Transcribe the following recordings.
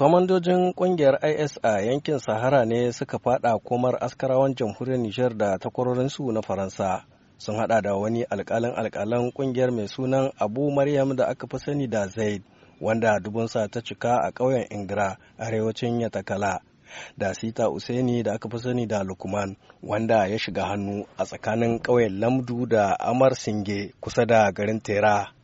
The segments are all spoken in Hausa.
Kwamandojin kungiyar IS a yankin Sahara ne suka fada komar askarawan jamhuriyar Nijar da takwarorinsu na Faransa. Sun hada da wani alkalin alkalan kungiyar mai sunan Abu Maryam da aka fi sani da Zaid, wanda dubunsa ta cika a ƙauyen Ingira, arewacin Yatakala. Da Sita Useni da aka fi sani da Lukman, wanda ya shiga hannu a tsakanin ƙauyen Lamdu da Amar Singe kusa da garin Tera.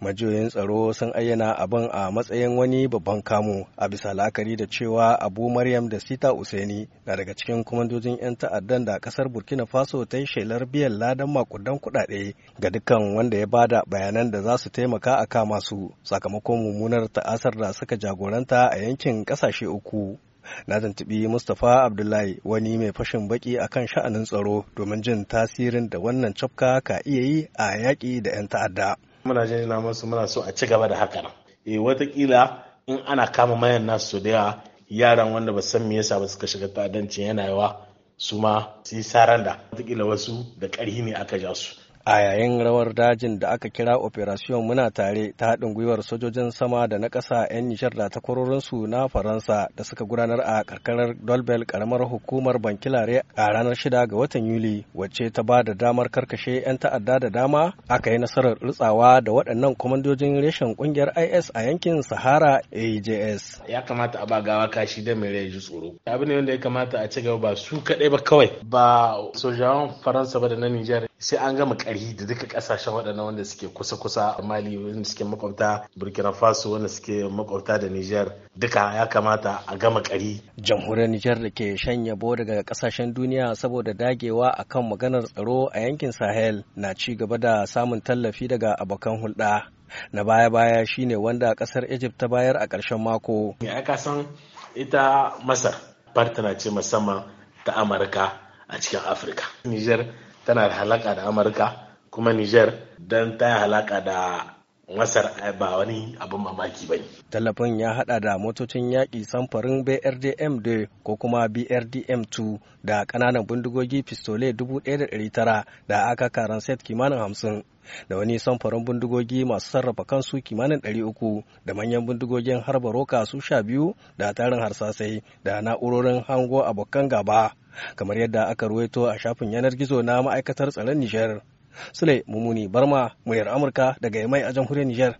majiyoyin tsaro sun ayyana abin a matsayin wani babban kamu a bisa la'akari da cewa abu maryam da sita useni na daga cikin kwamandojin 'yan ta'addan da kasar burkina faso ta yi shelar biyan ladan makudan kudade, ga dukkan wanda ya bada bayanan da za su taimaka a kama su sakamakon mummunar ta'asar da suka jagoranta a yankin ƙasashe uku na tuntubi mustapha abdullahi wani mai fashin baki kan sha'anin tsaro domin jin tasirin da wannan cafka ka iya yi a yaƙi da 'yan ta'adda muna jinjina masu muna so a ci gaba da haka nan eh watakila in ana kama mayan nasu da yawa yaran wanda ba san me yasa ba suka shiga ta'addancin yana yawa su ma su yi saranda watakila wasu da ƙarhi ne aka ja su a yayin rawar dajin da aka kira operation muna tare ta haɗin gwiwar sojojin sama da na ƙasa 'yan nishar da takwarorinsu na faransa da suka gudanar a karkarar dolbel karamar hukumar bankilare a ranar 6 ga watan yuli wacce ta ba da damar karkashe 'yan ta'adda da dama aka yi nasarar rutsawa da waɗannan kwamandojin reshen ƙungiyar is a yankin sahara ajs ya kamata a ba gawa kashi da mai rai tsoro abu ne wanda ya kamata a ci gaba ba su kaɗai ba kawai ba sojawan faransa ba da na nijar sai an gama ƙarhi da duka ƙasashen waɗannan wanda suke kusa-kusa mali wanda suke makwabta burkina faso wanda suke makwabta da niger duka ya kamata a gama ƙari jamhuriyar niger da ke shan yabo daga ƙasashen duniya saboda dagewa a kan maganar tsaro a yankin sahel na ci gaba da samun tallafi daga abokan hulɗa na baya-baya shine wanda ƙasar egypt ta bayar a ƙarshen mako ya kasan ita masar partner ce musamman ta amurka a cikin afirka niger tana da halaka da amurka kuma niger don ta halaka da masar ba wani abin mamaki ba ne. tallafin ya hada da motocin yaƙi samfarin brdm da ko kuma brdm 2 da ƙananan bindigogi pistole 1900 da aka karan set kimanin hamsin. da wani samfurin bindigogi masu sarrafa kansu kimanin 300 da manyan bindigogin harba roka su sha biyu da tarin harsasai da na'urorin hango abokan gaba kamar yadda aka ruwaito a shafin yanar gizo na ma'aikatar tsaron Nijar. Sule Mumuni Barma, muryar Amurka daga Yamai a jamhuriyar Nijar.